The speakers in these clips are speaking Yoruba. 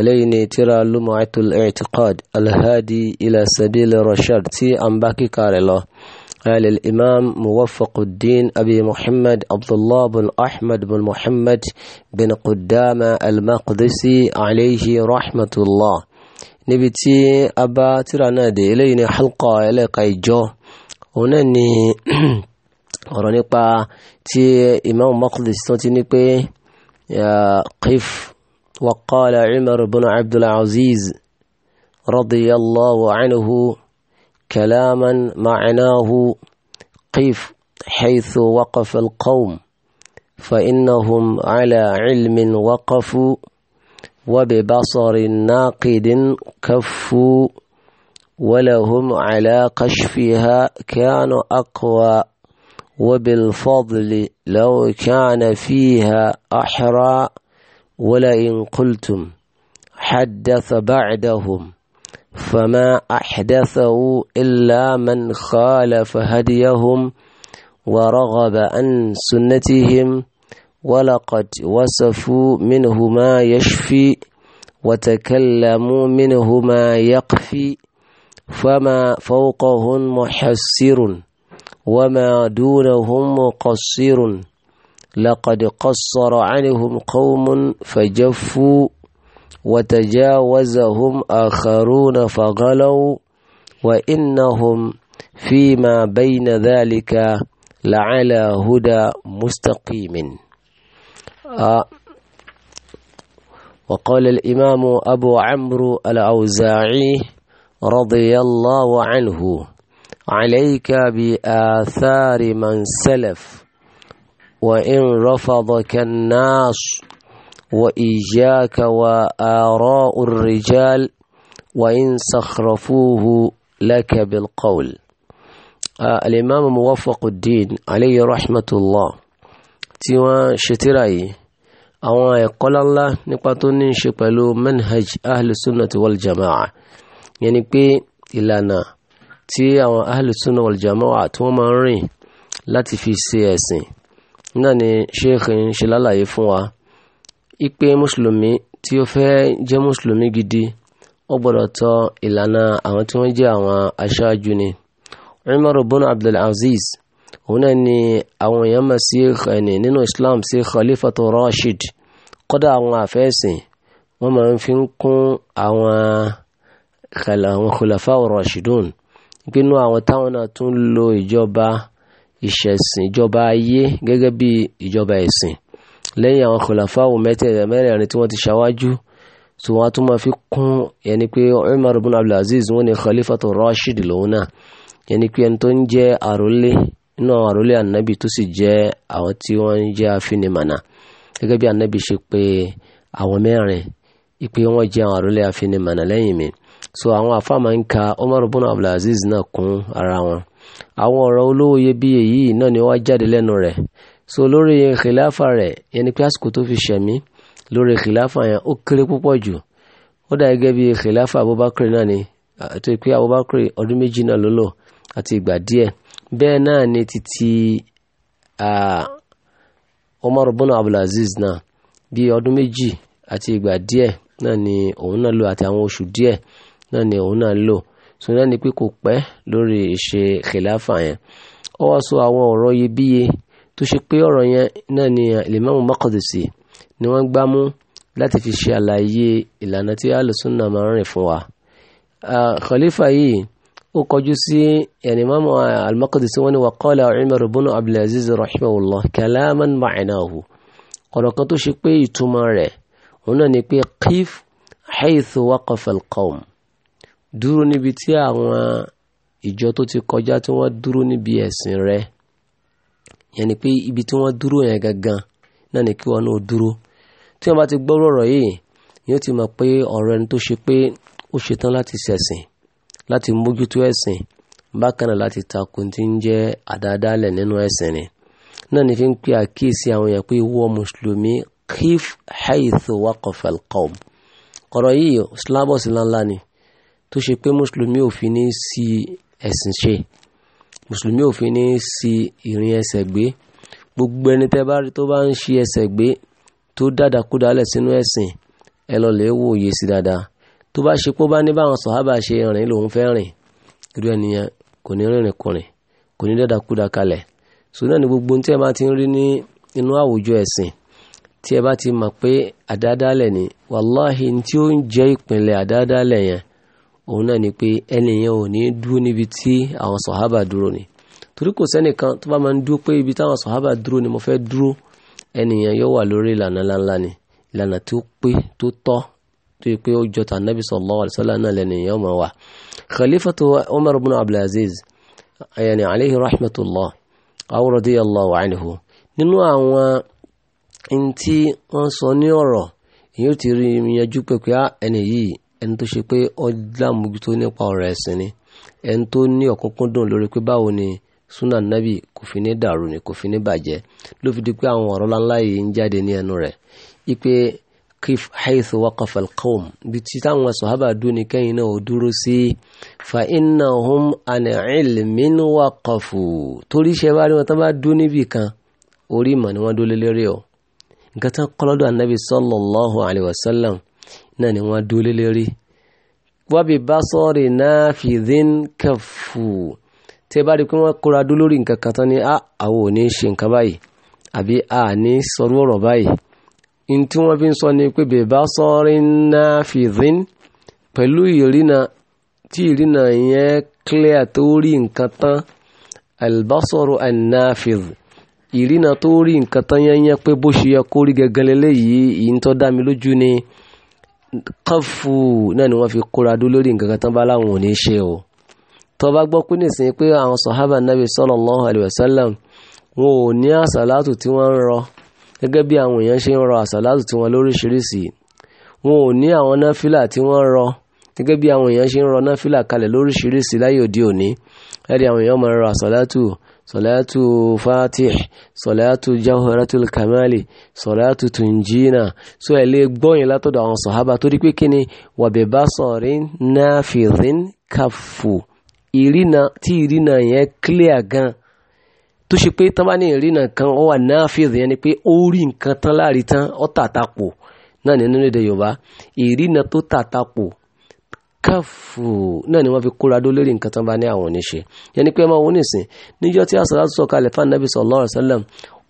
eléyìí tírà Lum'atul I'tiqad al-Hadi ila Sabil ar-Rashad tí a ń bá kíkà rẹ̀ lọ al-Imam Muwaffaquddin Abi Muhammad Abdullah bin Ahmad bin Muhammad bin Quddama al-Maqdisi alayhi rahmatullah níbi tí a bá tírà náà dé eléyìí ní halqa ẹlẹ́ka ìjọ òun náà ni ọ̀rọ̀ nípa tí Imam Maqdisi tó ti ní pé qif وقال عمر بن عبد العزيز رضي الله عنه كلاما معناه قف حيث وقف القوم فإنهم على علم وقفوا وببصر ناقد كفوا ولهم على كشفها كانوا أقوى وبالفضل لو كان فيها أحرى ولئن قلتم حدث بعدهم فما أحدثه إلا من خالف هديهم ورغب عن سنتهم ولقد وصفوا منه ما يشفي وتكلموا منه ما يقفي فما فوقهم محسر وما دونهم مقصر لقد قصر عنهم قوم فجفوا وتجاوزهم آخرون فغلوا وإنهم فيما بين ذلك لعلى هدى مستقيم آه وقال الإمام أبو عمرو الأوزاعي رضي الله عنه عليك بآثار من سلف وإن رفضك الناس وإياك وآراء الرجال وإن سخرفوه لك بالقول آه الإمام موفق الدين عليه رحمة الله تيوا شتراي أو يقول الله نقطون شبلو منهج أهل السنة والجماعة يعني بي إلانا تي أو أهل السنة والجماعة توما رين لا تفي سياسي náà ni sheikh ń ṣe lálàyé fún wa ipe mùsùlùmí tí ó fẹ́ jẹ́ mùsùlùmí gidi ó gbọ́dọ̀ tọ ìlànà àwọn tí wọ́n jẹ́ àwọn aṣáájú ni Umar ibn Abdul Aziz òun náà ni àwọn èèyàn mọ̀ sí ẹni nínú Islam sí Khalifatu Rashid kọ́dà àwọn àfẹ́sìn wọ́n máa fi kún àwọn àwọn khulafa rashidun nínú àwọn táwọn náà tún lo ìjọba ìṣẹ̀sìn ìjọba ayé gẹ́gẹ́ bí ìjọba ẹ̀sìn lẹ́yìn àwọn khulafawu mẹ́tẹ̀ẹ̀rẹ̀ mẹ́rẹ̀ẹ̀rin tí wọ́n ti ṣáwájú tí wọ́n tún máa fi kún yẹni pé Umar ibn Abdul Aziz wọ́n ní khalifatu Rashid lòun náà yẹni pé ẹni tó ń jẹ́ àrólé inú àrólé ànábì tó sì jẹ́ àwọn tí wọ́n ń jẹ́ afinimànà gẹ́gẹ́ bí ànábì ṣe pé àwọn mẹ́rin ìpè wọ́n jẹ́ àwọn àrólé afinimànà lẹ́yìn mi so àwọn àfáà máa ń ka Umar ibn Abdul Aziz náà kún ara wọn àwọn ọ̀rọ̀ olówó iyebíye yìí náà ni wọ́n jáde lẹ́nu rẹ̀ so lórí kìláfà rẹ̀ yẹn ni pé àsìkò tó fi ṣẹ̀mí lórí kìláfà yẹn ó kéré púpọ̀ jù ó dà gẹ́gẹ́ bí kìláfà Abubakar náà ni àti pé Abubakar ọdún méjì náà ló lò àti ìgbà díẹ̀ bẹ́ẹ̀ náà ni títí Umar ibn Abdulaziz náà bí ọdún méjì àti ìgbà díẹ̀ náà ni òun náà lò àti àwọn oṣù díẹ̀ náà ni òun náà lò sọdá ni pé kò pẹ́ lórí ìṣe khilafa yẹn ó wá sọ àwọn ọ̀rọ̀ iyebíye tó ṣe pé ọ̀rọ̀ yẹn náà ni Imam Maqdisi ni wọ́n gbá mú láti fi ṣe àlàyé ìlànà tí alùsùnà máa ń rìn fún wa. khalifa yìí ó kọjú sí yàní Imam al-Maqdisi wọ́n ní wa qala Umar ibn Abdul Aziz rahimahullah ọ̀rọ̀ kan tó ṣe pé ìtumọ̀ rẹ̀ òun náà ni pé qif haythu waqafa al dúró níbi tí àwọn ìjọ tó ti kọjá tí wọ́n dúró níbi ẹ̀sìn rẹ yẹn ni pé ibi tí wọ́n dúró yẹn gangan náà ni kí wọn náà dúró tí wọ́n bá ti gbọ́ ọ̀rọ̀ yìí yóò ti mọ̀ pé ọ̀rọ̀ ẹni tó ṣe pé ó ṣetán láti ṣẹ̀sìn láti mójútó ẹ̀sìn bákan náà láti takun tí ń jẹ́ àdáadáalẹ̀ nínú ẹ̀sìn ni náà ni fi ń pe àkíyèsí àwọn èèyàn pé ìwọ mùsùlùmí kif haithu waqafal ọ̀rọ̀ yìí slavos ńláńlá ni tó ṣe pé mùsùlùmí ò fi ní sí ẹ̀sìn ṣe mùsùlùmí ò fi ní sí ìrìn ẹsẹ̀ gbé gbogbo ẹni tẹ́ bá rí tó bá ń ṣe ẹsẹ̀ gbé tó dàdàkúdà lẹ̀ sínú ẹ̀sìn ẹ lọ lè wò òye sí dáadáa tó bá ṣe pé ó bá ní báwọn sọ̀hábà ṣe rìn lòun fẹ́ rìn irú ẹnìyẹn kò ní rìnrìn kùnrin kò ní dàdàkúdà kalẹ̀ sùn náà ni gbogbo tí ẹ bá ti ń rí ní inú àwùjọ ẹ̀sìn tí ẹ bá ti mọ̀ pé àdáadáalẹ̀ ni wàláhì tí ó ń jẹ́ ìpínlẹ̀ àdáadáalẹ̀ yẹn òun náà ni pé ẹni yẹn ò ní dúró níbi tí àwọn sọ̀hábà dúró ni torí kò sẹ́nìkan tó bá máa ń dúró pé ibi táwọn sọ̀hábà dúró ni mo fẹ́ dúró ẹni yẹn yóò wà lórí ìlànà ńláńlá ni ìlànà tó pé tó tọ́ tó yẹ pé ó jọ tà nábì sallallahu alaihi wasallam náà lẹ́nu yẹn mọ̀ wá. khalifatu umar bin abdulaziz ayani aleyhi rahmatullah aw radiyallahu anhu nínú àwọn ntí wọ́n sọ ní ọ̀rọ̀ èyí ò ti rí yanjú pé pé ah, ẹni yìí ẹni tó ṣe pé ọlámójútó nípa ọ̀rọ̀ ẹ̀sìn ni ẹni tó ní ọ̀kúnkúndùn lórí pé báwo ni súnà nábì kò fi ní dàrú ni kò fi ní bàjẹ́ ló fi di pé àwọn ọ̀rọ̀ ńláńlá yìí ń jáde ní ẹnu rẹ̀ ipe kif haithu waqafa alqawm bí ti táwọn sọ̀hábà dún ní kẹ́yìn náà ó dúró sí fa innahum an ilmin waqafu torí iṣẹ́ bá rí wọn tán bá dún níbì kan orí ìmọ̀ ni wọ́n dún lé lérí o nǹkan tán kọ́lọ́dọ̀ ànábì sallallahu alayhi wa sallam náà ni wọ́n dúró lé lérí wábi bá sọ́ọ̀rì náà fìdín kẹfù tí ẹ bá rí i pé wọ́n kóra dúró lórí nǹkan kan tán ni a ah, àwọn ò ní ṣe nǹkan báyìí àbí a ní sọrú ọ̀rọ̀ báyìí ní tí wọ́n fi ń sọ ni pé bèbá sọ́ọ̀rì náà fìdín pẹ̀lú ìrìnà tí ìrìnà yẹn clear tó rí nǹkan tán albasoro annafidh ìrìnà tó rí nǹkan tán yẹn yẹn pé bó ṣe yẹ kó rí gẹ́gẹ́ lélẹ́yìí ìyí ń dá mi lójú ni kọ́fù náà ni wọ́n fi kóra dó lórí nǹkan kan tán bá láwọn ò ní ṣe o tó bá gbọ́ pé nísìnyí pé àwọn sọ̀hábà nàbì sallallahu alaihi wasallam wọn ò ní àsàlátù tí wọ́n ń rọ gẹ́gẹ́ bí àwọn èèyàn ṣe ń rọ àsàlátù tí wọ́n lóríṣiríṣi wọn ò ní àwọn náfìlà tí wọ́n ń rọ gẹ́gẹ́ bí àwọn èèyàn ṣe ń rọ náfìlà kalẹ̀ lóríṣiríṣi láyé òde òní ẹ̀rí àwọn èèyàn máa ń rọ àsàlátù صلاة فاتح صلاة جوهرة الكمال صلاة تنجينا سو اللي بوين لا تدعو عن صحابة تريك بكني وببصر نافذ كفو ìrìnà tí ìrìnà yẹn clear gan tó ṣe pé tán bá ní ìrìnà kan ó wà náàfíìsì yẹn ni pé ó rí nǹkan tán láàrí tán ó tàtàpò náà nínú èdè Yorùbá ìrìnà tó Kafu náà ni wọ́n fi kóra dó lórí nǹkan tó ń bá ní àwọn oníṣe yẹn ni pé ọmọ òun nìsín níjọ́ tí àṣàlá sọ kalẹ̀ fún anabi sallallahu alaihi wasallam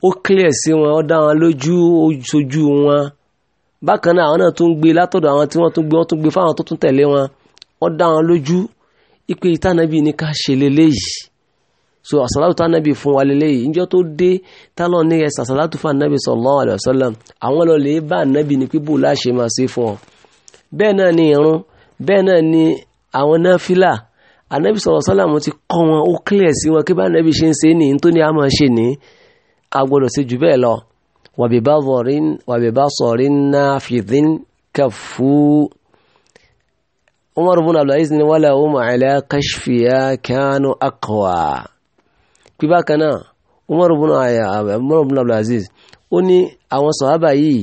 ó clear sí wọn ó dá wọn lójú ojú wọn bákan náà àwọn náà tún gbé látọ̀dọ̀ àwọn tí wọ́n tún gbé wọ́n tún gbé fáwọn tó tún tẹ̀lé wọn ó dá wọn lójú ipe ìtànàbí ni ká ṣe leléyìí so àṣàlátù tànàbí fún wa leléyìí níjọ́ tó dé tálọ̀ ní ẹ̀sà àṣàlátù fún sallallahu alaihi wasallam àwọn lọ lè ni pé bò láṣẹ fún ni irun bẹ́ẹ̀ náà ni àwọn náfìlà anabi sọ̀rọ̀ sọ́làmù ti kọ́ wọn ó clear sí wọn kí bá anabi ṣe ń ṣe ní tó ní a máa ṣe ní agbọ́dọ̀ ṣe jù bẹ́ẹ̀ lọ wàbíbá sọ̀rin náà kẹfù umar bin abdulaziz ni wàlẹ̀ ọmọ ẹ̀lẹ́ kashfiya kánú akọ̀wà pí bákan umar bin abdulaziz ó ní àwọn sọ̀hábà yìí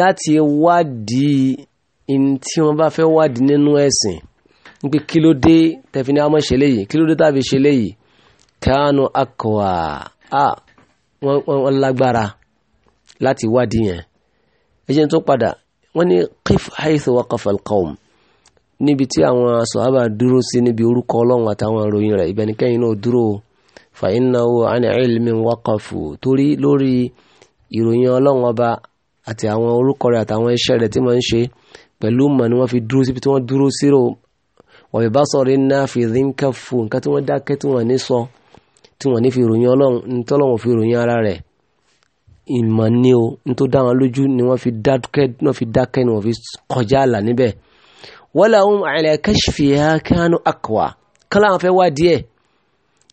láti wádìí in tí wọ́n bá fẹ́ wádìí nínú ẹ̀sìn nígbè kí ló dé tẹ̀fí ní àmọ́ ṣẹlẹ̀ yìí kí ló dé tàbí ṣẹlẹ̀ yìí kánú akọ̀wà à wọ́n lágbára láti wádìí yẹn ẹ̀jẹ̀ tó padà wọ́n ní qif haythu waqafa alqawm níbi tí àwọn sọ̀hábà dúró sí níbi orúkọ ọlọ́run àtàwọn ìròyìn rẹ̀ ibẹ̀ nìkẹ́yìn náà dúró fa innahu an ilmin waqafu torí lórí ìròyìn ọlọ́run ọba àti àwọn orúkọ rẹ̀ àtàwọn iṣẹ́ rẹ̀ tí mo ń ṣe pẹ̀lú mọ̀ ni fi dúró síbi tí wọ́n dúró sírò wọ́n fi bá sọ̀rọ̀ iná fìdí ń fún nǹkan tí wọ́n dákẹ́ tí wọ́n ní sọ tí wọ́n ní fi ròyìn ọlọ́run fi ròyìn ara rẹ̀ ìmọ̀ ni o ní dá wọn lójú ni wọ́n fi dákẹ́ náà fi dákẹ́ ni wọ́n fi kọjá àlà níbẹ̀ wọ́n làwọn àìlẹ̀ kẹ́sìfì ha kánú àkùwà kán láwọn fẹ́ wá díẹ̀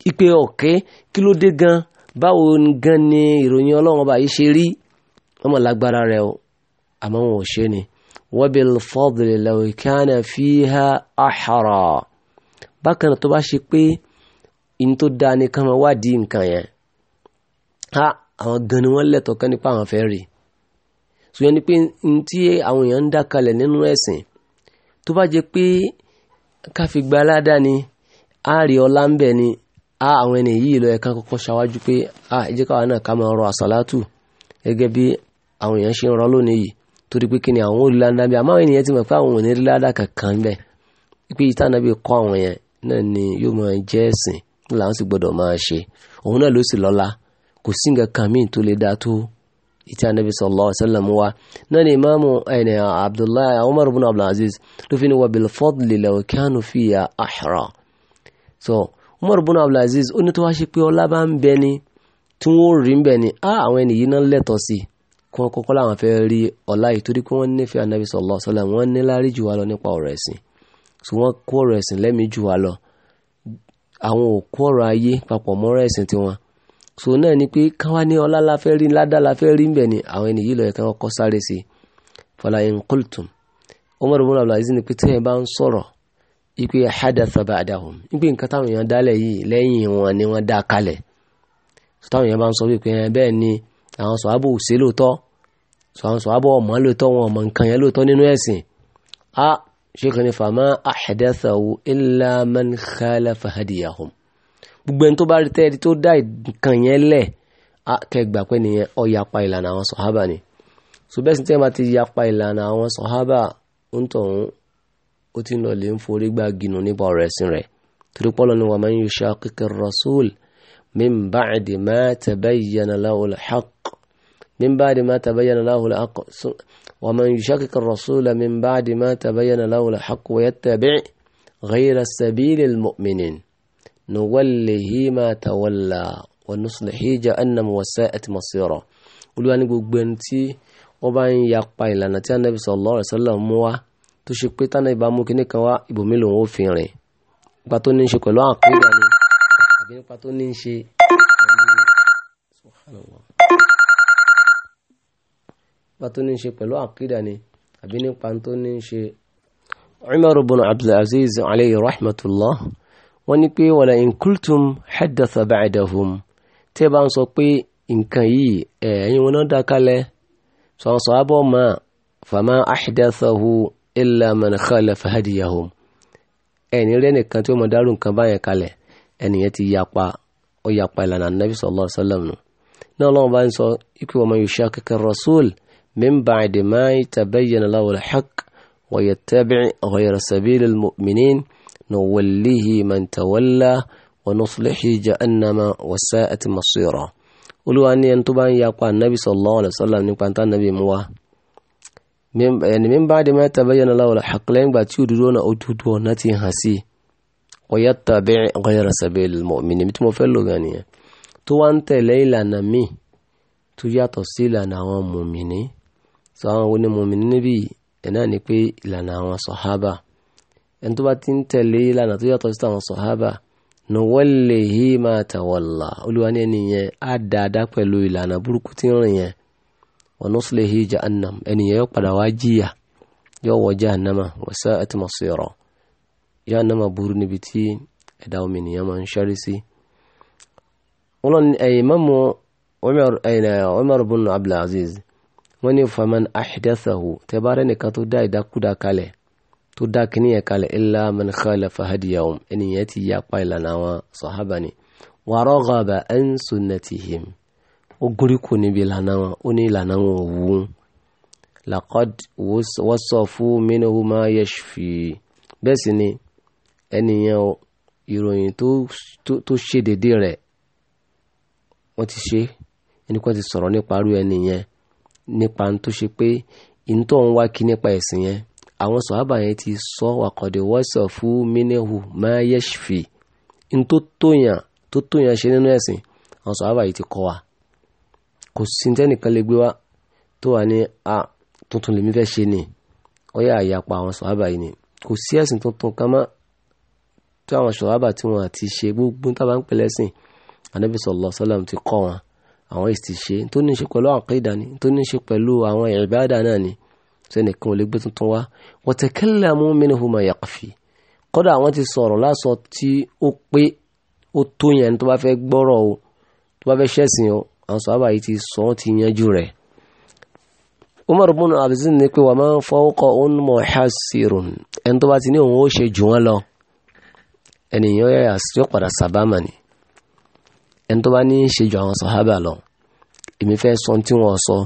ìpè ọ̀kẹ́ kí ló dé gan ni ìròyìn ọlọ́run وبالفضل لو كان فيها أحرى bákan náà tó bá ṣe pé in tó dáa ni kán máa wádìí nǹkan yẹn ha àwọn gan ni wọ́n lẹ́tọ̀ọ́ kán nípa àwọn fẹ́ rí ṣùgbọ́n ni pé n tí àwọn èèyàn ń dá kalẹ̀ nínú ẹ̀sìn tó bá jẹ́ pé káfí gba aládàá ni a rí ọlá ń bẹ̀ ni a àwọn ẹni yìí lọ ẹ̀ka kọ́kọ́ ṣáwájú pé a ìjẹ́káwa náà ká máa rọ àsàlátù gẹ́gẹ́ bí àwọn èèyàn ṣe ń rọ lónìí yìí torí pé kíni àwọn olùlà nàbí àmọ́ àwọn ènìyàn ti mọ̀ pé àwọn ò ní rí ládà kankan bẹ́ẹ̀ pé ìta nàbí kọ́ àwọn yẹn náà ni yóò máa jẹ́ ẹ̀sìn làwọn sì gbọ́dọ̀ máa ṣe òun náà ló sì lọ́lá kò sí nǹkan kan míì tó lè dá tó ìtí anabi sallallahu alaihi wa náà ni imaamu ẹni abdullahi umar bin abdulaziz ló fi ni wa bil fadli law kanu fiya ahra so umar bin abdulaziz ó ní tó wá ṣe pé ọlá bá ń bẹ ni tí wọn rí ń bẹ ni á àwọn ẹni náà lẹ́tọ̀ọ́ sí i kọ́ kọ́kọ́ làwọn fẹ́ rí ọlá yìí torí pé wọ́n nífẹ̀ẹ́ anabi sallallahu alaihi wasallam wọ́n ní láárí jù wá lọ nípa ọ̀rọ̀ ẹ̀sìn tí wọ́n kó ọ̀rọ̀ ẹ̀sìn lẹ́mìí jù wá lọ àwọn ò kó ọ̀rọ̀ ayé papọ̀ mọ́rọ̀ ẹ̀sìn tiwọn so náà ni pé káwá ní ọlá la fẹ́ rí ládá la fẹ́ rí ń ni àwọn ẹni yìí lọ ẹ̀ka kọ́ sáré sí fala in qultum ni pé tí ẹ bá ń sọ̀rọ̀ ipe hadatha ba'dahum ipe nǹkan táwọn èèyàn dálẹ̀ yìí lẹ́yìn wọn ni wọ́n dá kalẹ̀ táwọn èèyàn bá ń sọ̀rọ̀ sọ̀rọ̀ abọ́ ọmọ lóòótọ́ wọn ọmọ nǹkan yẹn lóòótọ́ nínú ẹ̀sìn a ṣéèkì ní fàmà ahdathahu illa man khalafa hadiyahum gbogbo ẹni tó bá rí tẹ́ẹ̀dì tó dá nǹkan yẹn lẹ̀ a kẹgbà pé nìyẹn ó yapa ìlànà àwọn sọ̀hábà ni so bẹ́ẹ̀ sì tẹ́ máa ti yapa ìlànà àwọn sọ̀hábà ń tọ̀hún ó ti lọ lè ń forí gbá ginu nípa ọ̀rọ̀ ẹ̀sìn rẹ̀ torí pọ́lọ́ ni wa man yushaqiqir rasul min ba'di ma tabayyana lahul haqq من بعد ما تبين له الحق ومن يشكك الرسول من بعد ما تبين له الحق ويتبع غير سبيل المؤمنين نوله ما تولى ونصلح جهنم وساءت مصيره olúwa ní gbogbo ẹni tí wọ́n bá ń yapa ìlànà tí anabi sallallahu alaihi wasallam mú wá tó ṣe pé tánàbí bá mú kíní kan wá ibòmí lòun ó fi rìn nípa tó ní í ṣe pẹ̀lú àkúrò ni àbí nípa tó ní í ṣe pẹ̀lú subhanallah bá tó ní ṣe pẹ̀lú àkídà ni àbí nípa tó ní ṣe. Umar ibn Abdulaziz alayhi rahmatullah wọ́n ní pé wala in kultum haddatha ba'dahum tẹ́ bá ń sọ pé nǹkan yìí ẹ̀yìn wọn náà dákalẹ̀ sọ̀nsọ̀ abọ́ máa fama ahdathahu illa man khalafa hadiyahum ẹni rẹ nìkan tí ó mọ dárú nǹkan báyẹn kalẹ̀ ẹnìyẹn ti yapa ó yapa ìlànà nabi sallallahu alaihi wasallam nù náà lọ́wọ́ bá ń sọ ikú wa man yushaqiqi rasul من بعد ما تبين له الحق ويتبع غير سبيل المؤمنين نوليه من تولى ونصلح جهنم وساءت مصيره ولو أن ينتبه أن يقول النبي صلى الله عليه وسلم نقول أنت النبي موا من يعني من بعد ما تبين له الحق لين بعد شو دون أو نتي هسي ويتبع غير سبيل المؤمنين مثل ما فلو يعني تو أنت ليلا نمي تو يا توصيلا نوام مؤمنين so àwọn wo ni mùmínì níbí ẹ̀ náà ni pé ìlànà àwọn sọ̀hábà ẹni tó bá ti ń tẹ̀lé ìlànà tó yàtọ̀ sí àwọn sọ̀hábà nuwallihi ma tawalla olúwa ní ẹni yẹn á dáadáa pẹ̀lú ìlànà burúkú tí ń rìn yẹn wa nuslihi jahannam ẹni yẹn yóò padà wá jìyà yóò wọ jahannama wa sa'at masira jahannama burú níbi tí ẹ̀dá omi nìyẹn máa ń ṣẹ́rí sí. wọ́n lọ ẹ̀yìn mọ́mú Umar ibn Abdul Aziz wọ́n ní faman ahdathahu tẹ́ bá rẹ̀ nìkan tó dá ìdákúdá kalẹ̀ tó dá kínní yẹn kalẹ̀ illa man khalafa hadiyahum ẹnìyẹn ti yapa ìlànà àwọn sọ̀hábà ni wa raghaba an sunnatihim ó gúrí kò níbi ìlànà wọn ó ní ìlànà wọn wù ú laqad wasafu minhu ma yashfi bẹ́ẹ̀ sì ni ẹnìyẹn ìròyìn tó ṣe déédéé rẹ̀ wọ́n ti ṣe ẹnì kan ti sọ̀rọ̀ nípa irú ẹnìyẹn nípa tó ṣe pé ìntọ́ ń wá kí nípa ẹ̀sìn yẹn àwọn sọ̀hábà yẹn ti sọ wàkọ̀dẹ̀ wọ́sọ̀ fún mínẹ́hù máa yẹ́ṣfì ntó tóyàn tó tóyàn ṣe nínú ẹ̀sìn àwọn sọ̀hábà yìí ti kọ́ wa kò sí tẹ́nìkan lè gbé wa tó wà ní a tuntun lèmi fẹ́ ṣe ni ó yà àyàpá àwọn sọ̀hábà yìí ni kò sí ẹ̀sìn tuntun kan mọ́ tí àwọn sọ̀hábà tí wọ́n ti ṣe gbogbo tábà ń pè lẹ́sìn anábì àwọn èsì ṣe tó ní ṣe pẹ̀lú àkídà ni tó ní ṣe pẹ̀lú àwọn ìbádà náà ni sẹ́nìkan ò lè gbé tuntun wá wa takallamu minhuma yaqfi kọ́dà àwọn ti sọ̀rọ̀ lásọ tí ó pé ó tó yẹn tó bá fẹ́ gbọ́rọ̀ o tó bá fẹ́ ṣẹ̀sìn o àwọn sọ̀rọ̀ yìí ti sọ ọ́ ti yanjú rẹ̀. Umar bin Abdul ní pé wa man fawqahum muhasirun ẹni tó bá ti ní òun ó ṣe jù wọ́n lọ ẹnìyàn yóò padà sábàmà ni ẹni tó bá ní ṣe jù àwọn sàhábà lọ èmi fẹ́ sọ tí wọ́n sọ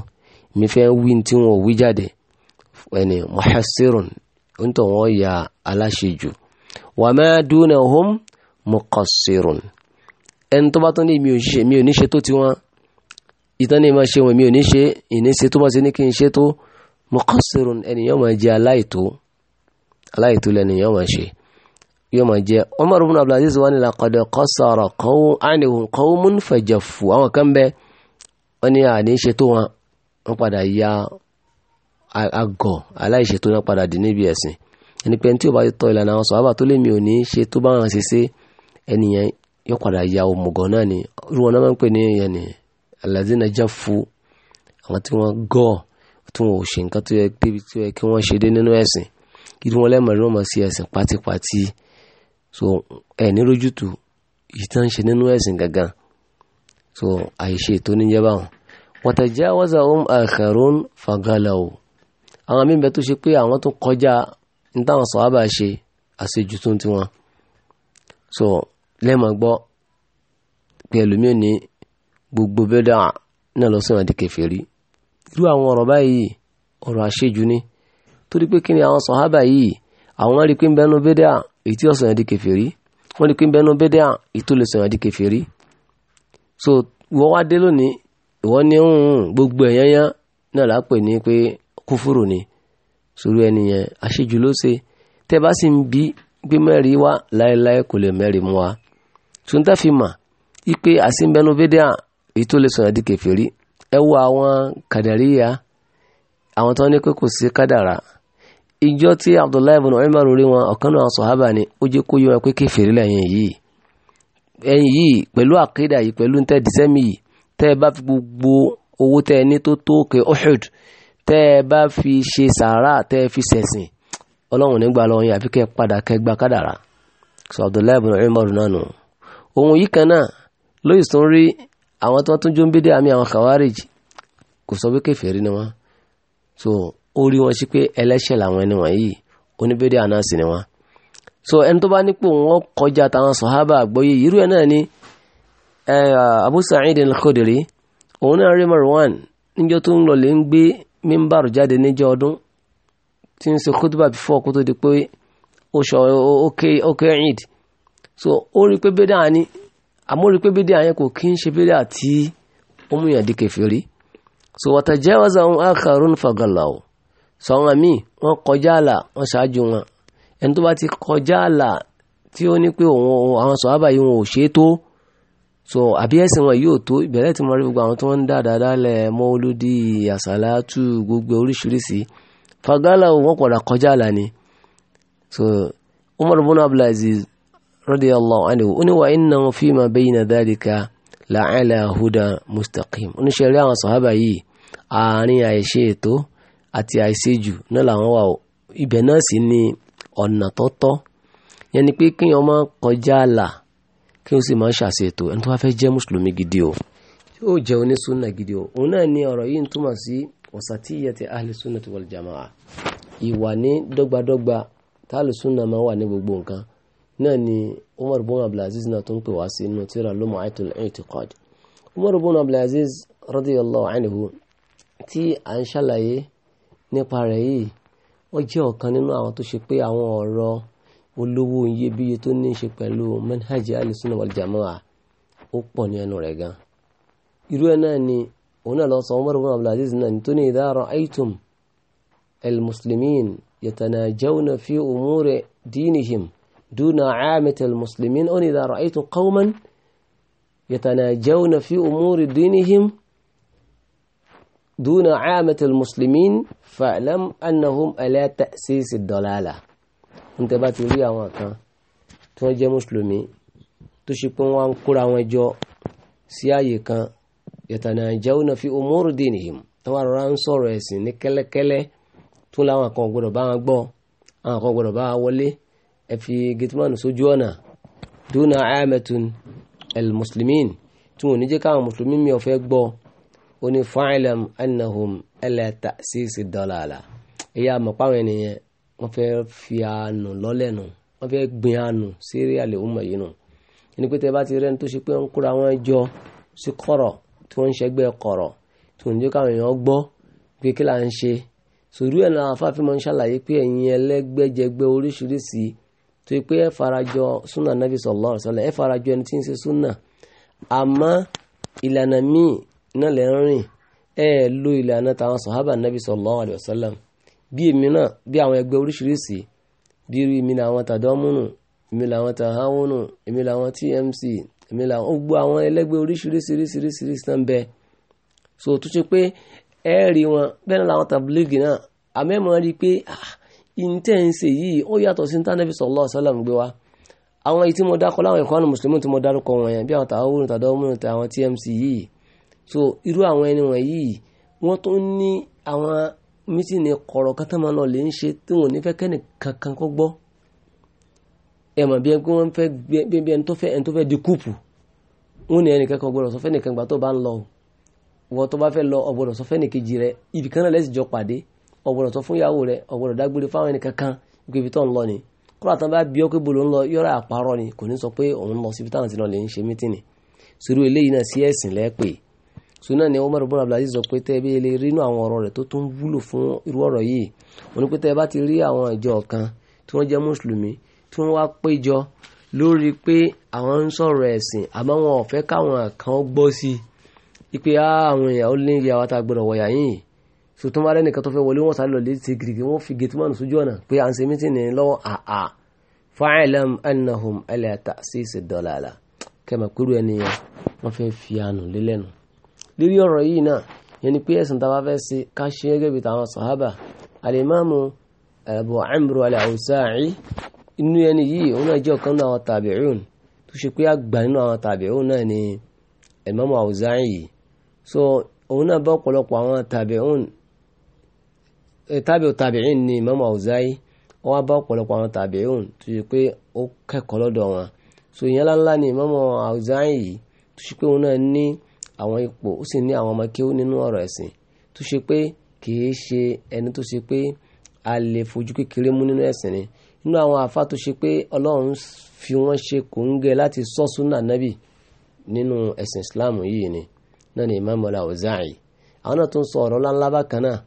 èmi fẹ́ wí tí wọ́n wí jáde ẹni muhassirun nítorí wọ́n ya aláṣejù wa ma dunahum muqassirun ẹni tó bá tán ní mi ò ṣe mi ò ní ṣe tó ti wọn ìtàn ní ma ṣe wọn mi ò ní ṣe ìní ṣe tó bá ṣe ní kí n ṣe tó muqassirun ẹnìyàn máa jẹ aláìtó aláìtó lẹnìyàn máa ṣe yóò máa jẹ Umar ibn Abdul Aziz wà ní laqad qasara qawmun anhum àwọn kan bẹ́ẹ̀ wọ́n ní àní ṣe tó wọn wọ́n padà ya agọ̀ aláìṣe tó wọn padà dì níbi ẹ̀sìn ẹni pé tí o bá tọ ìlànà àwọn sọ̀rọ̀ tó lè mi ò ní ṣe tó bá wọn ṣe ṣe ẹnìyẹn yóò padà ya òmùgọ̀ náà ni irú wọn náà máa ń pè ní ìyẹn ni alazina jafu àwọn tí wọ́n gọ̀ tí wọ́n ò ṣe nǹkan tó yẹ pé tí ó yẹ kí wọ́n ṣe dé nínú ẹ̀sìn irú wọn lẹ́mọ̀ ló mọ̀ sí ẹ̀sìn pátípátí so ẹ̀ ní rójútùú ìtàn ṣe nínú ẹ̀sìn gangan so àìṣe tó níjẹ́ báwọn watajawaza um akharun fagalau. àwọn mímu bẹ tó ṣe pé àwọn tó kọjá ní táwọn sàhábà ṣe àṣejù tó ń tiwọn so lẹ́mọ̀ gbọ́ pé ẹlòmíì ní gbogbo bẹ́dà náà lọ sí ìrìnàdí kèfèrí irú àwọn ọ̀rọ̀ báyìí ọ̀rọ̀ àṣejù ni torí pé kí ni àwọn sàhábà yìí àwọn rí pé ń bẹnu bẹ́dà èyí tí ó sọ ìrìnàdí kèfèrí wọ́n rí pé ń bẹnu bẹ́dà èyí lè sọ ìrìnàdí kèfèrí so wọ́n wá dé lónìí ìwọ́n ní ń gbogbo ẹ̀yán yán náà lápè ní pé kúfúrù ni sórí ẹni yẹn àṣejù ló ṣe tẹ́ bá sì ń bí gbé mẹ́rin wá láéláé kò lè mẹ́rin mu wa tùǹtà fi mà ipe àsìnbẹnubédéà èyí tó lè sọ̀rọ̀ di kẹfẹ́rí ẹ wo àwọn kàdàríyà àwọn tó ní pé kò sí kádàrà ìjọ tí Abdullahi ibn Umar rí wọn ọ̀kan náà sọ̀hábà ni ó jẹ́ kó yọ ẹ pé kẹfẹ́rí lẹ́yìn yìí ẹ̀yin yìí pẹ̀lú àkédà yìí pẹ̀lú ntẹ́ dìsẹ́mì yìí tẹ́ ẹ bá fi gbogbo owó tẹ́ ẹ ní tó tó òkè Uhud tẹ́ ẹ bá fi ṣe sàárà tẹ́ ẹ fi ṣẹ̀sìn ọlọ́run nígbà lọ́wọ́ yín àfi kẹ́ ẹ padà kẹ́ ẹ gba kádàrà sọ Abdullahi ibn Umar náà nù. ohun yìí kan náà lóyè tó ń rí àwọn tó tún jó ń àmì àwọn Khawarij kò sọ pé kèfèrí ni wọ́n so ó rí wọn sí pé ẹlẹ́ṣẹ̀ làwọn ẹni wọ̀nyí oníbédé àná sí ni wọ́n so ẹni tó bá nípò wọn kọjá táwọn sọ̀hábà àgbọ́yé irú ẹ̀ náà ni Abu Sa'id al-Khudri òun náà rí Marwan níjọ́ tó ń lọlé ń gbé mímbàrú jáde níjọ́ ọdún tí ń ṣe khutba before kó di pé ó ṣọ ókè Eid so ó rí pé bídà ni àmọ́ rí pé bídà yẹn kò kí ń ṣe bídà tí ó mú yàn di so watajawaza hum akharun fagalaw sọ wọn míì wọn ẹni tó bá ti kọjá àlà tí ó ní pé òun àwọn sọ̀hábà yìí wọn ò ṣe tó so àbí ẹ̀sìn wọn yóò tó ìbẹ̀rẹ̀ tí mo rí gbogbo àwọn tó ń dà dáadáa lẹ̀ mọ́lúdì àsálátù gbogbo oríṣiríṣi fagala wọn padà kọjá àlà ni so Umar bin Abdulaziz radiyallahu anhu ó ní wa innahu fima bayna dhalika la'ala huda mustaqim oníṣẹ́ rí àwọn sọ̀hábà yìí àárín àìṣe ètò àti àìṣejù náà làwọn wà ibẹ̀ náà sì ni ọ̀nà tọ́tọ́ yẹn ni pé kí wọ́n máa kọjá àlà kí wọ́n sì máa ṣàṣètò ẹni tó bá fẹ́ jẹ́ mùsùlùmí gidi o yóò jẹ́ onísùnà gidi o òun náà ni ọ̀rọ̀ yìí ń túmọ̀ sí wasatiyati ahli sunnati wal jamaa ìwà ní dọ́gbadọ́gba táàlù súnà máa wà ní gbogbo nǹkan náà ni umar bin abdulaziz náà tó ń pè wá sí inú tíra Lum'atul I'tiqad umar bin abdulaziz radiyallahu anhu tí à ń ṣàlàyé nípa rẹ̀ yìí wọ́n jẹ́ ọ̀kan nínú àwọn tó ṣe pé àwọn ọ̀rọ̀ olówó iyebíye tó ní í ṣe pẹ̀lú manhaji alisunna wal jamaa ó pọ̀ ní ẹnu rẹ̀ gan. irú ẹ̀ náà ni òun náà lọ sọ Umar ibn Abdul Aziz náà ní tó ní idha ra'aytum al-muslimin yatanajawna fi umuri dinihim duna 'aamati al-muslimin ó ní idha ra'aytum qawman yatanajawna fi umuri dinihim dúnà àmàtàl muslimin fa'lam annahum ala ta'sisi dalala ń tẹ́ bá ti rí àwọn kan tí wọ́n jẹ́ mùsùlùmí tó ṣe pé wọ́n ń kóra wọn jọ sí ààyè kan yatanajawna fi umuri dinihim tó wà rọra ń sọ̀rọ̀ ẹ̀sìn ní kẹ́lẹ́kẹ́lẹ́ tó láwọn kan gbọ́dọ̀ bá wọn gbọ́ àwọn kan gbọ́dọ̀ bá wọn wọlé ẹ fi gitman sójú ọ̀nà dúnà àmàtàl muslimin tí wọ́n ní jẹ́ káwọn mùsùlùmí mi ò fẹ́ gbọ́ ó ní fáìlẹ̀m ẹnahùn ẹlẹ́ta síìsì dọ́là àlà ìyá àmọ̀páwọn ènìyàn wọ́n fẹ́ fi àánú lọ́lẹ̀ nù wọ́n fẹ́ gbin àánú sí ríàlẹ̀ òmò yìí nù ẹni pé tẹ́ bá ti rẹ́ni tó ṣe pé ń wọn jọ sí tí wọ́n ń ṣẹgbẹ́ tí wọ́n ń jẹ́ káwọn èèyàn gbọ́ pé ń ṣe sòrú ẹ̀ náà afáfin máa ń ṣàlàyé pé ẹ̀yin ẹlẹ́gbẹ́jẹgbẹ́ oríṣiríṣi tó pé ẹ farajọ súnà nàbì sallallahu alaihi wasallam tí ń ṣe súnà àmọ́ ìlànà míì náà lẹ́ ń rìn ẹ lo ìlànà tàwọn sàhábà nàbí sallallahu alayhi wa sallam bí èmi náà bí àwọn ẹgbẹ́ oríṣiríṣi bí irú èmi làwọn tàdọ́múnù èmi làwọn tàháwùnù èmi làwọn TMC èmi làwọn ó gbọ́ àwọn ẹlẹ́gbẹ́ oríṣiríṣiríṣiríṣiríṣi náà ń bẹ so tó ṣe pé ẹ rí wọn bẹ́ẹ̀ náà làwọn tàbílígì náà àmẹ́mọ́ rí i pé ah, intense yìí ó yàtọ̀ sí tánàbí sallallahu alayhi wa sallam gbé wa àwọn èyí tí mo dákọ láwọn ìkọ́nù mùsùlùmí tí mo dárúkọ wọn yẹn bí àwọn tàháwùnù tàdọ́múnù tàwọn TMC yìí so irú àwọn ẹni wọ̀nyí wọ́n tó ní àwọn mítìnì kọ̀rọ̀ kan tó lè ń ṣe tí wọn ò kẹ́ni kankan kó gbọ́ ẹ mọ̀ bí ẹni wọ́n fẹ́ bí ẹni tó fẹ́ ẹni tó fẹ́ di kúùpù wọn ni ẹnì kankan gbọ́dọ̀ sọ fẹ́ nìkan gbà tó bá ń lọ wọ́n tó bá fẹ́ lọ ó gbọ́dọ̀ sọ fẹ́ nìkejì rẹ ibì kan náà lẹ́sìn jọ pàdé ó gbọ́dọ̀ sọ fún ìyàwó rẹ ó dágbére fáwọn ẹnì kankan pé ibi tó ń lọ ni kúrò àtàn bá bí ọ pé bolo ń lọ yọrọ àparọ ni kò ní sọ pé òun lọ síbi táwọn ti lọ lè ń ṣe mítìnì sórí eléyìí náà sí ẹ̀sìn lẹ́pẹ̀ẹ́ sùnà ni Umar ibn Abdul Aziz sọ pé tẹ́ ẹ bí lè rí inú àwọn ọ̀rọ̀ rẹ̀ tó tún wúlò fún irú ọ̀rọ̀ yìí wọ́n ní pé tẹ́ bá ti rí àwọn ìjọ kan tí wọ́n jẹ́ mùsùlùmí tí wọ́n wá péjọ lórí pé àwọn ń sọ̀rọ̀ ẹ̀sìn àmọ́ wọn ò fẹ́ káwọn kan gbọ́ sí i pé àwọn èèyàn ó lé ìyá wa ta gbọ́dọ̀ wọ̀yà yìí sòtún bá lẹ́nìkan tó fẹ́ wọlé wọn sáré lọ́lẹ́ ti gírígì wọ́n fi gẹ̀tìmọ́nù sójú ọ̀nà pé à ń ṣe mítìnì lọ́wọ́ àà fa'lam annahum ala lórí ọ̀rọ̀ yìí náà yẹn ni pé ẹ̀sìn tá a bá fẹ́ ṣe ká ṣe é gẹ́gẹ́ bí tàwọn sàhábà alimami abu amru al-awza'i inú ẹni yìí òun náà jẹ́ ọ̀kan nínú àwọn tàbí'un tó ṣe pé àgbà nínú àwọn tàbí'un náà ni imamu awza'i yìí so òun náà bá ọ̀pọ̀lọpọ̀ àwọn tàbí'un eh, tàbí'u ni imamu awza'i wọ́n bá ọ̀pọ̀lọpọ̀ àwọn tàbí'un tó ṣe pé ó kẹ́kọ̀ọ́ lọ́dọ̀ wọn so ìyẹn láńlá ni imamu awza'i yìí tó ṣe pé òun náà ní àwọn ipò ó sì ní àwọn ọmọ nínú ọ̀rọ̀ ẹ̀sìn tó ṣe pé kìí ṣe ẹni tó ṣe pé a lè fojú kékeré mú nínú ẹ̀sìn ni nínú àwọn àfa tó ṣe pé ọlọ́run fi wọ́n ṣe kòńgẹ́ láti sọ súnà nínú ẹ̀sìn islam yìí ni náà ni imam al-Awza'i àwọn náà tó ń sọ ọ̀rọ̀ bákan náà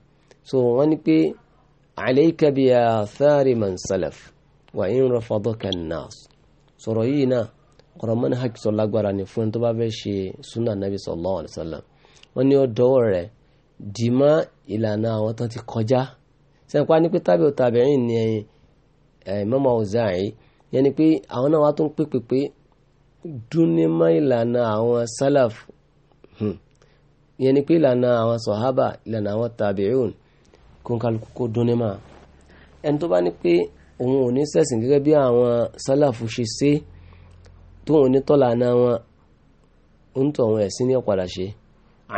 so wọ́n wa in nas sọ̀rọ̀ yìí ọ̀rọ̀ manhaj sọ lágbára ni fún ẹni tó bá fẹ́ ṣe sunna nabi sallallahu alayhi wa sallam wọ́n ní ó dọ́wọ́ rẹ̀ dìímọ́ ìlànà àwọn tán ti kọjá sẹ́ńpá ní pé tábìlì tàbẹ̀rìn ni eh, Imam Awza'i yẹn ni pé àwọn náà wá tó ń pèpè pé dúnímọ́ ìlànà àwọn salaf hmm. yẹn ni pé ìlànà àwọn sọ̀hábà ìlànà àwọn tàbíùn kó ń kálukú kó dúnímọ́ ẹni tó bá ní pé òun ò ní sẹ̀sìn gẹ́gẹ́ bí àwọn sálàfù ṣe ṣe é tó wọn onítọ́lá náà wọn ń tọ̀ wọn ẹ̀sìn ní ọ̀padà ṣe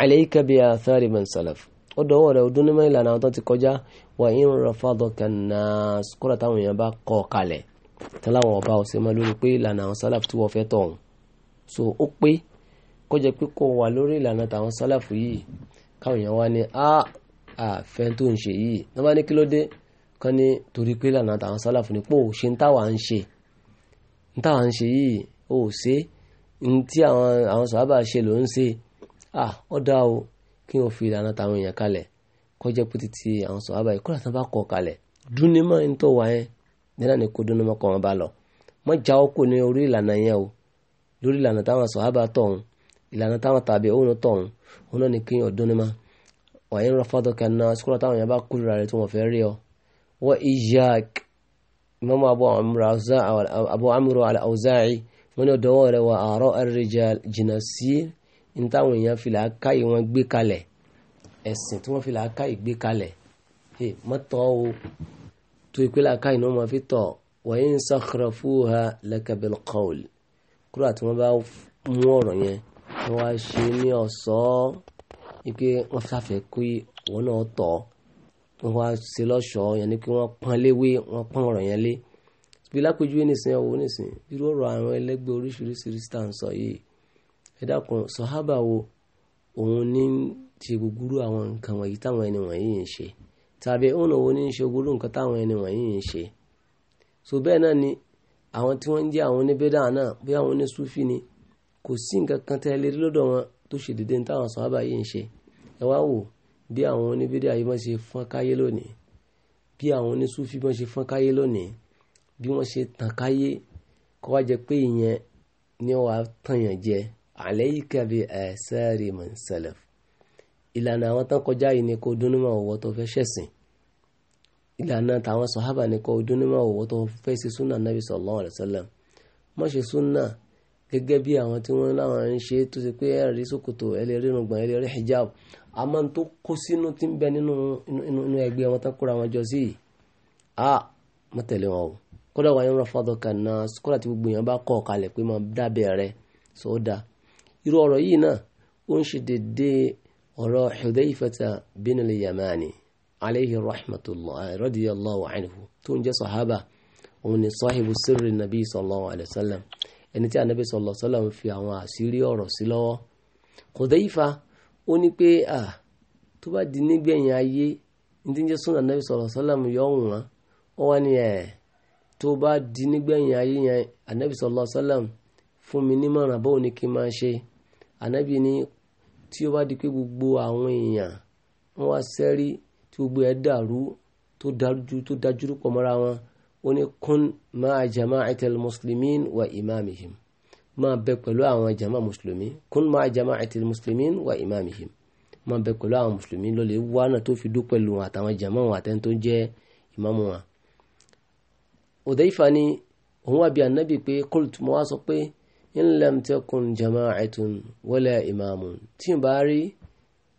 alayka bi athari man salaf ó dọwọ́ rẹ̀ ọdún nímọ̀ ìlànà àwọn tó ti kọjá wà táwọn èèyàn bá kalẹ̀ ọba ọ̀sẹ̀ máa lórí pé ìlànà àwọn salaf tí so ó pé kọjá pé kò wà lórí ìlànà tàwọn salaf yìí káwọn èèyàn a tó ń ṣe yìí ní kí ló dé ní torí pé ìlànà salaf pò ṣe o ò ṣe ní tí àwọn àwọn sàhábà ṣe ló ń ṣe à ó dá o kí wọ́n fi ìlànà táwọn èèyàn ya kọjá pé títí àwọn sàhábà yìí kọ́lá tán bá kọ̀ kalẹ̀ dúni mọ́ ní wà yẹn nílànà ni kó dúni mọ́ kọ́ wọn bá lọ já ní orí ìlànà yẹn o lórí ìlànà táwọn sàhábà tọ̀hún ìlànà táwọn tàbí òun tọ̀hún òun náà ni kí táwọn bá tí rí ọ wọ́n ní ọ̀dọ́wọ́ rẹ̀ wà àárọ̀ ar-rijal jìnnà sí ní táwọn èèyàn fi làákàyè wọn gbé kalẹ̀ ẹ̀sìn tí wọ́n fi làákàyè gbé kalẹ̀ mọ́tọ́ o tó ìpè làákàyè náà máa fi tọ̀ wa in sakhrafuha laka bil qawl kúrò àti wọ́n bá mú ọ̀rọ̀ yẹn tí wọ́n á ṣe ní ọ̀sọ́ ipe wọ́n fàfẹ́ kú wọn náà tọ̀ wọ́n wá ṣe lọ́ṣọ̀ọ́ yẹn ni pé wọ́n pọ́n léwé wọ́n pọ́n ọ̀rọ̀ yẹn lé bí lápèjúwe nìsín ẹ wò nìsín irú ọ̀rọ̀ àwọn ẹlẹ́gbẹ́ oríṣiríṣiríṣi tá à ń sọ yìí ẹ dákun sọ̀hábà wo òun ní ṣe gbogbo àwọn nǹkan wọ̀nyí táwọn ẹni wọ̀nyí ń ṣe tàbí òun náà ní ṣe gbogbo nǹkan táwọn ẹni wọ̀nyí ń ṣe so bẹ́ẹ̀ náà ni àwọn tí wọ́n ń jẹ́ àwọn oníbẹ́dà náà bí àwọn oníṣúfì ni kò sí nǹkan kan tẹ́ lé lọ́dọ̀ wọn tó ṣe dédé ní táwọn sọ̀hábà yìí ń ṣe ẹ wá wò bí àwọn oníbẹ́dà yìí wọ́n bí wọ́n ṣe tàn káyé kó jẹ pé ìyẹn ni wọ́n wá jẹ alayka bi asari man ìlànà àwọn tán kọjá yìí ni kó dúnú mọ́ tó fẹ́ ṣẹ̀sìn ìlànà tàwọn sọ̀hábà ni kó dúnú mọ́ tó fẹ́ ṣe súnà nàbì ṣe súnà gẹ́gẹ́ bí àwọn tí wọ́n láwọn ń ṣe tó ṣe pé ẹ̀rí hijab àmọ́ tó kó sínú tí ń bẹ nínú ẹgbẹ́ wọn tán kódà wà ń rọfọdọ kàná kódà tí gbogbo èèyàn bá kọ̀ kalẹ̀ pé máa dábẹ́ rẹ sọ ó dáa irú ọ̀rọ̀ yìí náà ó ń ṣe dédé ọ̀rọ̀ Hudhaifata bin al-Yamani alayhi rahmatullah radiyallahu anhu tó ń jẹ́ sahaba òun ni sahibu sirri nabi sallallahu alayhi ẹni tí anabi sallallahu alayhi fi àwọn àṣírí ọ̀rọ̀ sí lọ́wọ́ Hudhaifa ó ní pé tó bá di nígbẹ̀yìn ayé ní ti ń jẹ́ sunnah nabi sallallahu alayhi yọ̀ wọ́n wọ́n ní ẹ̀ tó bá di nígbẹ̀yìn ayé yẹn anabi sallallahu alaihi wasallam fún mi nímọ̀ràn báwo ni kí n máa ṣe anabi ni tí ó bá di pé gbogbo àwọn èèyàn wọn wá sẹ́rí tí gbogbo ẹ̀ dàrú tó dájú tó dájú pọ̀ mọ́ra wọn ó ní kún máa jama'atil muslimin wa imamihim máa bẹ pẹ̀lú àwọn jama mùsùlùmí kún máa jama'atil muslimin wa imamihim máa bẹ pẹ̀lú àwọn mùsùlùmí lọ́lẹ̀ wánà tó fi dúpẹ́ lu àtàwọn jama wọn àtẹ́ni jẹ́ ìmáàmù wọn. Hudhayfa ni òun wá bí anábì pé qultu mo wá sọ pé in lam takun jama'atun wala imamun tí n bá rí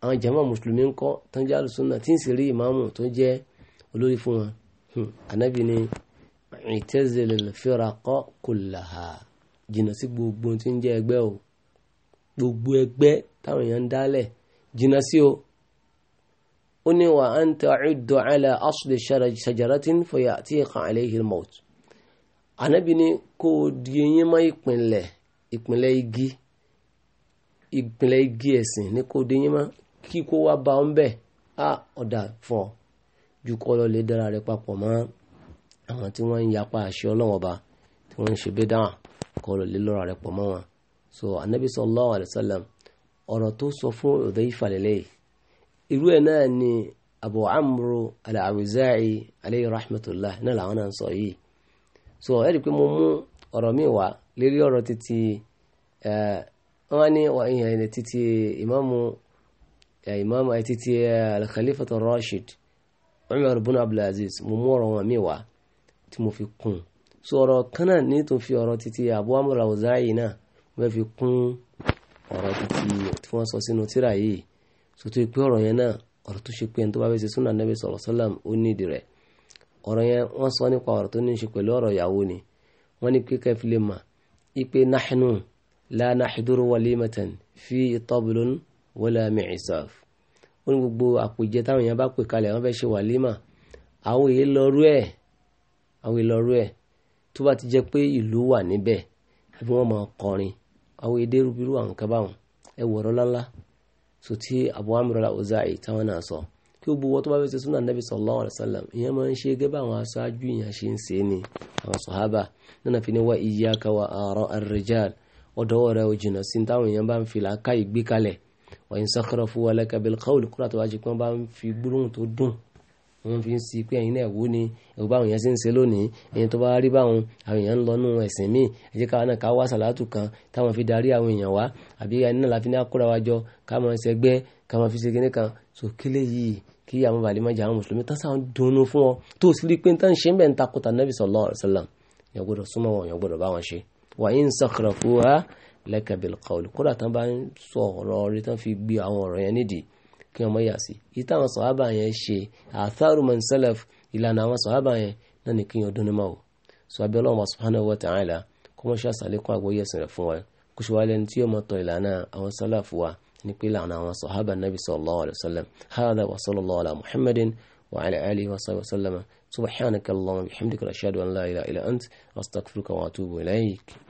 àwọn jama mùsùlùmí ń kọ́ tó ń jẹ́ alùsùnà tí n sì rí ìmáàmù tó ń olórí fún wọn anábì hmm, ni i'tazilil firaqa kullaha jìnnà sí gbogbo tí ń jẹ́ ẹgbẹ́ o gbogbo ẹgbẹ́ táwọn èèyàn ń dálẹ̀ jìnnà sí o ó ní wà á ń tẹ ọ̀dọ̀ ala asli shajaratin fayatiqa alayhi al-maut ànábì ni kó o di eyín mọ́ ìpìnlẹ̀ ìpìnlẹ̀ igi ìpìnlẹ̀ igi ẹ̀sìn ní kó o di eyín mọ́ kí kó wá ba ọ́n bẹ́ẹ̀ á ọ̀dà fún ju kọ́ lọ lè dára rẹ papọ̀ mọ́ àwọn tí wọ́n ń yapa àṣẹ ọlọ́wọ́n ba tí wọ́n ń ṣe bẹ́ẹ̀ dáhà kọ́ lọ lè lọ́ra rẹ pọ̀ mọ́ wọn so ànábì sallallahu alaihi wasallam ọ̀rọ̀ tó sọ fún Udhayfa lélẹ́yìí irú ẹ̀ náà ni abu amru al-awza'i aleyhi rahmatulah náà làwọn náà ń sọ yìí so ẹ rí i pé mo mú ọ̀rọ̀ mi wá lérí ọ̀rọ̀ títí wọ́n ní ìyẹn títí ìmáàmù ìmáàmù títí al-khalifatu rashid umar bin abdulaziz mo mú ọ̀rọ̀ wọn mi wá tí mo fi kún so ọ̀rọ̀ kan náà tó fi ọ̀rọ̀ títí abu amru al náà mo fi kún ọ̀rọ̀ títí tí wọ́n sọ sínú tírà yìí sọtò ìpè ọ̀rọ̀ yẹn náà ọ̀rọ̀ tó ṣe pé ẹni tó bá fẹ́ ṣe súnà nẹ́bí sọ̀rọ̀ sọ́làm ó ní ìdí rẹ̀ ọ̀rọ̀ yẹn wọ́n sọ nípa ọ̀rọ̀ tó ní ṣe pẹ̀lú ọ̀rọ̀ ìyàwó ni wọ́n ní pé kẹfì lè mà ipe nahnu la nahduru walimatan fi tablun wala mi'saf ó ní gbogbo àpèjẹ táwọn èèyàn bá pè kalẹ̀ wọ́n fẹ́ ṣe wàlímà àwọn àwọn èèyàn lọ́rú ẹ̀ tó bá ti jẹ́ pé ìlú wà níbẹ̀ àbí wọ́n máa kọrin àwọn èdè rúbirú àwọn kan ẹ wọ̀rọ̀ lánlá so tí Abu Amr al-Awza'i táwọn náà sọ kí gbogbo wọn tó bá fẹ́ ṣe súnà nàbì sallallahu alaihi wasallam ìyẹn máa ń ṣe gẹ́gẹ́ bá àwọn aṣáájú ìyẹn ṣe ń ṣe ni àwọn sọ̀hábà nínú fi ni wá iyyaka wa àárọ̀ ar-rijal ọ̀dọ́wọ́ rẹ̀ òjìnà sí táwọn èèyàn bá ń fi làákàyè gbé kalẹ̀ wa in sakhrafu laka bil qawl kúrò àtọ́wájú pé wọ́n bá ń fi gbólóhùn tó dùn wọ́n fi ń si pé ẹ̀yin náà wò ni ẹ̀wò báwọn yẹn ṣe ń ṣe lónìí ẹ̀yin tó bá rí báwọn àwọn èèyàn ń lọ nù ẹ̀sìn míì ẹ jẹ́ káwa náà ká wá sàlátù kan táwọn fi darí àwọn èèyàn wá àbí ẹni náà láfi ní akóra wa jọ ká máa ṣẹgbẹ́ ká fi ṣe kíní kan so kílé yìí kí àwọn bàlẹ́ máa jẹ àwọn mùsùlùmí tán sáà ń fún ọ tó sì rí pé tán ṣe ń ń takùtà nàbì sallallahu alaihi wasallam yẹn gbọ́dọ̀ súnmọ́ wa in sakhrafuha laka bil qawl kódà tán bá ń sọ ọ̀rọ̀ rí tán kí wọ́n mọ̀ yà sí i táwọn sọ̀hábà yẹn ṣe àtharu man salaf ìlànà àwọn sọ̀hábà yẹn náà ni kí wọ́n dún ní mọ́ o sọ abẹ́ ọlọ́run subhanahu wa ta'ala kó wọ́n ṣe àṣàlékún àgbọ́yé ẹ̀sìn rẹ̀ fún wa kó ṣe wá lẹ́ni tí yóò mọ̀ tọ̀ ìlànà àwọn sálàf wa ní pé ìlànà àwọn sọ̀hábà nàbì sallallahu alayhi wa